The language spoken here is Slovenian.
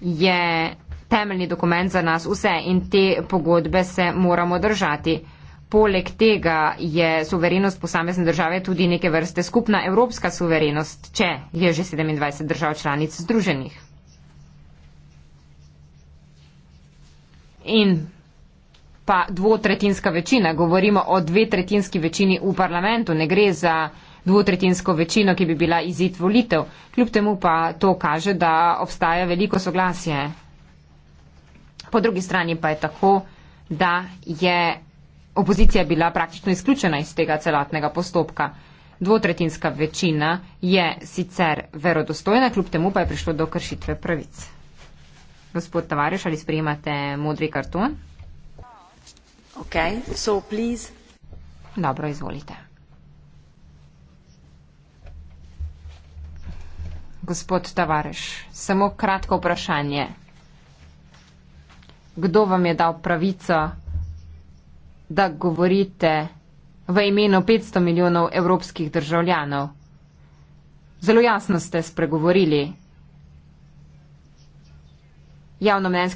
je temeljni dokument za nas vse in te pogodbe se moramo držati. Poleg tega je suverenost posamezne države tudi neke vrste skupna evropska suverenost, če je že 27 držav članic združenih. In pa dvotretinska večina, govorimo o dvotretinski večini v parlamentu, ne gre za dvotretinsko večino, ki bi bila izid volitev. Kljub temu pa to kaže, da obstaja veliko soglasje. Po drugi strani pa je tako, da je opozicija bila praktično izključena iz tega celotnega postopka. Dvotretinska večina je sicer verodostojna, kljub temu pa je prišlo do kršitve pravic. Gospod Tavareš, ali sprejemate modri karton? Ok, so please. Dobro, izvolite. gospod Tavareš, samo kratko vprašanje. Kdo vam je dal pravico, da govorite v imenu 500 milijonov evropskih državljanov? Zelo jasno ste spregovorili. Javno mnenjske.